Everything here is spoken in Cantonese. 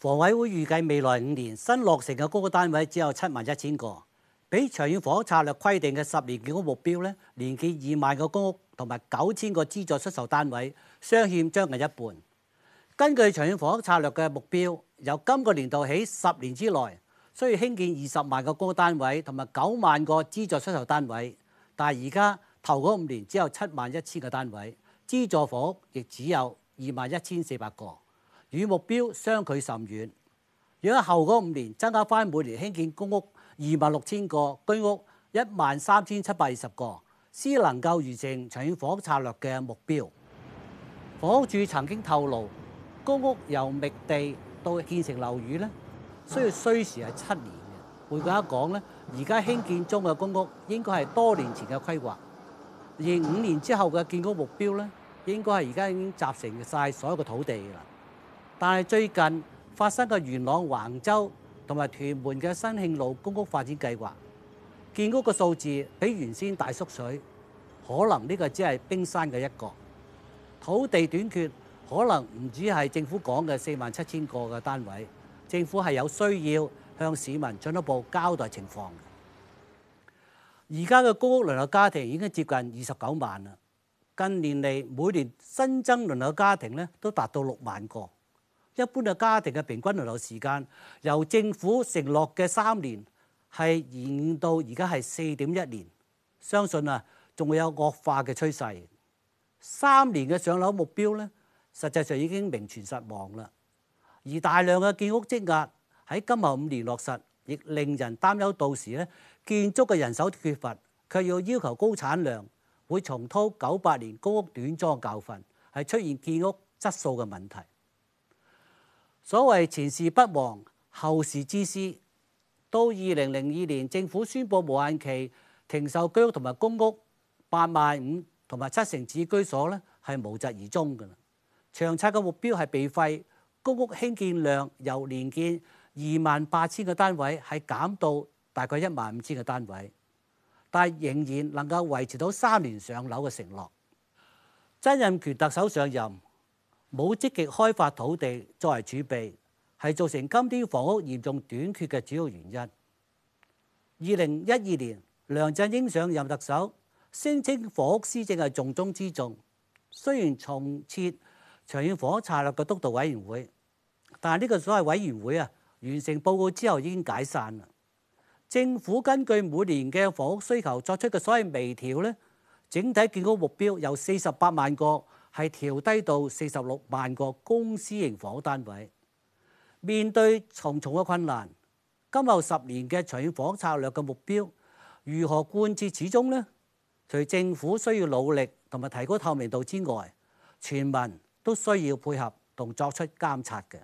房委會預計未來五年新落成嘅公屋單位只有七萬一千個，比長遠房屋策略規定嘅十年建屋目標咧，年建二萬個公屋同埋九千個資助出售單位，相欠將近一半。根據長遠房屋策略嘅目標，由今個年度起十年之內需要興建二十萬個公屋單位同埋九萬個資助出售單位，但係而家頭嗰五年只有七萬一千個單位，資助房屋亦只有二萬一千四百個。與目標相距甚遠。如果後嗰五年增加翻每年興建公屋二萬六千個，居屋一萬三千七百二十個，先能夠完成長遠房屋策略嘅目標。房屋署曾經透露，公屋由覓地到建成樓宇咧，需要需時係七年嘅。換句話講咧，而家興建中嘅公屋應該係多年前嘅規劃，而五年之後嘅建屋目標咧，應該係而家已經集成晒所有嘅土地啦。但係最近發生嘅元朗橫州同埋屯門嘅新慶路公屋發展計劃，建屋嘅數字比原先大縮水，可能呢個只係冰山嘅一角。土地短缺可能唔止係政府講嘅四萬七千個嘅單位，政府係有需要向市民進一步交代情況。而家嘅公屋輪候家庭已經接近二十九萬啦。近年嚟每年新增輪候家庭咧都達到六萬個。一般嘅家庭嘅平均輪候時間，由政府承諾嘅三年係延到而家係四點一年，相信啊仲會有惡化嘅趨勢。三年嘅上樓目標咧，實際上已經名存實亡啦。而大量嘅建屋積壓喺今後五年落實，亦令人擔憂到時咧建築嘅人手缺乏，卻要要求高產量，會重蹈九八年公屋短樁教訓，係出現建屋質素嘅問題。所謂前事不忘，後事之師。到二零零二年，政府宣布無限期停售居屋同埋公屋，八萬五同埋七成自居所咧係無疾而終㗎啦。長策嘅目標係被廢，公屋興建量由年建二萬八千個單位係減到大概一萬五千個單位，但仍然能夠維持到三年上樓嘅承諾。曾蔭權特首上任。冇積極開發土地作為儲備，係造成今天房屋嚴重短缺嘅主要原因。二零一二年梁振英上任特首，聲稱房屋施政係重中之重。雖然重設長遠房屋策略嘅督導委員會，但係呢個所謂委員會啊，完成報告之後已經解散啦。政府根據每年嘅房屋需求作出嘅所謂微調咧，整體建屋目標有四十八萬個。係調低到四十六萬個公私營房屋單位。面對重重嘅困難，今後十年嘅長遠房屋策略嘅目標，如何貫徹始終呢？除政府需要努力同埋提高透明度之外，全民都需要配合同作出監察嘅。